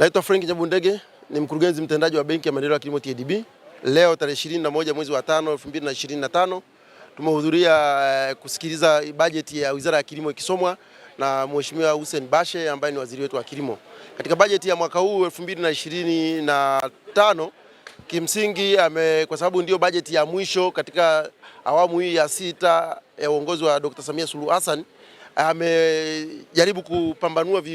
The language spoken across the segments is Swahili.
Naitwa Frank Nyabundege, ni mkurugenzi mtendaji wa Benki ya Maendeleo ya Kilimo TADB. Leo tarehe 21 mwezi wa 5 2025 tumehudhuria eh, kusikiliza bajeti ya Wizara ya Kilimo ikisomwa na Mheshimiwa Hussein Bashe ambaye ni waziri wetu wa kilimo. Katika bajeti ya mwaka huu 2025 kimsingi ame, kwa sababu ndio bajeti ya mwisho katika awamu hii ya sita ya uongozi wa Dr. Samia Suluhu Hassan amejaribu kupambanua vi,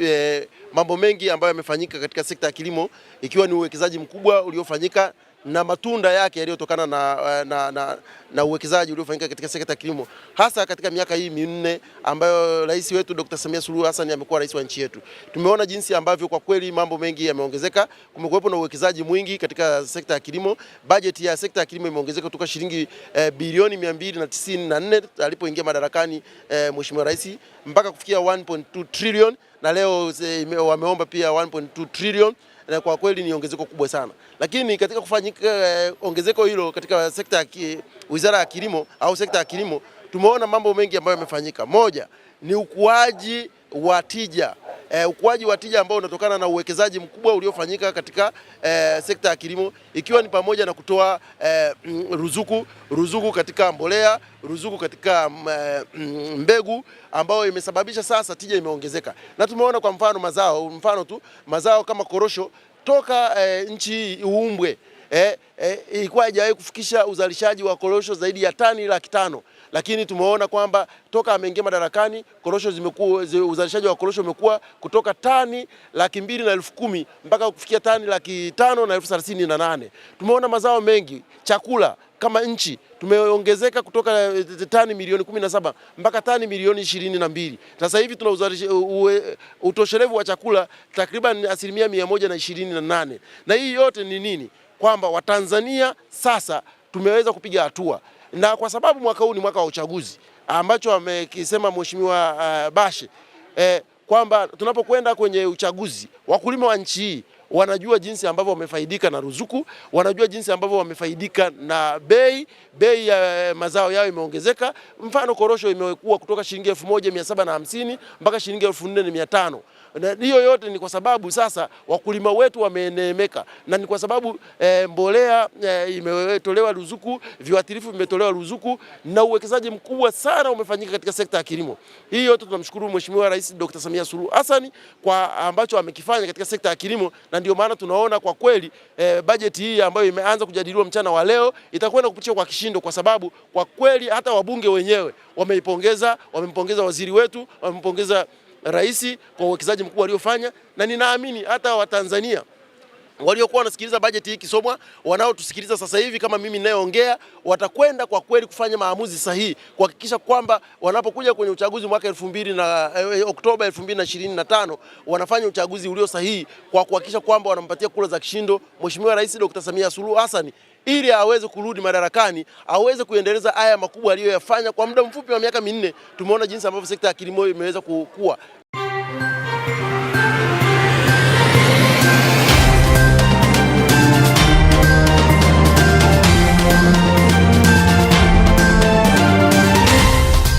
e, mambo mengi ambayo yamefanyika katika sekta ya kilimo ikiwa ni uwekezaji mkubwa uliofanyika na matunda yake yaliyotokana na, eh, na, na, na uwekezaji uliofanyika katika sekta ya kilimo hasa katika miaka hii minne ambayo rais wetu Dr. Samia Suluhu Hassan amekuwa rais wa nchi yetu. Tumeona jinsi ambavyo kwa kweli mambo mengi yameongezeka, kumekuwepo na uwekezaji mwingi katika sekta ya kilimo. Bajeti ya sekta ya kilimo imeongezeka kutoka shilingi eh, bilioni 294 alipoingia madarakani eh, Mheshimiwa Rais mpaka kufikia 1.2 trillion na leo eh, wameomba pia 1.2 trillion na kwa kweli ni ongezeko kubwa sana, lakini katika kufanyika eh, ongezeko hilo katika sekta ya wizara ya kilimo au sekta ya kilimo tumeona mambo mengi ambayo yamefanyika. Moja ni ukuaji wa tija e, ukuaji wa tija ambao unatokana na uwekezaji mkubwa uliofanyika katika e, sekta ya kilimo ikiwa ni pamoja na kutoa e, ruzuku ruzuku katika mbolea, ruzuku katika mm, mm, mbegu ambayo imesababisha sasa tija imeongezeka, na tumeona kwa mfano mazao, mfano tu mazao kama korosho toka e, nchi uumbwe eh, eh, ilikuwa haijawahi kufikisha uzalishaji wa korosho zaidi ya tani laki tano lakini tumeona kwamba toka ameingia madarakani korosho zimekuwa uzalishaji wa korosho umekuwa kutoka tani laki mbili na elfu kumi mpaka kufikia tani laki tano na elfu thelathini na nane. Tumeona mazao mengi, chakula kama nchi tumeongezeka kutoka eh, tani milioni 17 mpaka tani milioni ishirini na mbili. Sasa hivi tuna e, utoshelevu wa chakula takriban asilimia mia moja na ishirini na nane, na hii yote ni nini? kwamba Watanzania sasa tumeweza kupiga hatua, na kwa sababu mwaka huu ni mwaka wa uchaguzi ambacho amekisema Mheshimiwa uh, Bashe eh, kwamba tunapokwenda kwenye uchaguzi wakulima wa nchi hii wanajua jinsi ambavyo wamefaidika na ruzuku, wanajua jinsi ambavyo wamefaidika na bei. Bei ya eh, mazao yao imeongezeka, mfano korosho imekuwa kutoka shilingi 1750 mpaka shilingi 4500 na hiyo yote ni kwa sababu sasa wakulima wetu wameenemeka na ni kwa sababu e, mbolea e, imetolewa ruzuku, viuatilifu vimetolewa ruzuku, na uwekezaji mkubwa sana umefanyika katika sekta ya kilimo. Hii yote tunamshukuru Mheshimiwa Rais Dr. Samia Suluhu Hassan kwa ambacho amekifanya katika sekta ya kilimo na ndio maana tunaona kwa kweli e, eh, bajeti hii ambayo imeanza kujadiliwa mchana wa leo itakwenda kupitishwa kwa kishindo, kwa sababu kwa kweli hata wabunge wenyewe wameipongeza, wamempongeza waziri wetu, wamempongeza rais kwa uwekezaji mkubwa aliofanya, na ninaamini hata Watanzania waliokuwa wanasikiliza bajeti hii ikisomwa, wanaotusikiliza sasa hivi kama mimi ninayoongea watakwenda kwa kweli kufanya maamuzi sahihi kuhakikisha kwamba wanapokuja kwenye uchaguzi mwaka elfu mbili na eh, Oktoba 2025 wanafanya uchaguzi ulio sahihi kwa kuhakikisha kwamba wanampatia kura za kishindo Mheshimiwa Rais Dr. Samia Suluhu Hassan ili aweze kurudi madarakani aweze kuendeleza haya makubwa aliyoyafanya kwa muda mfupi wa miaka minne. Tumeona jinsi ambavyo sekta ya kilimo imeweza kukua.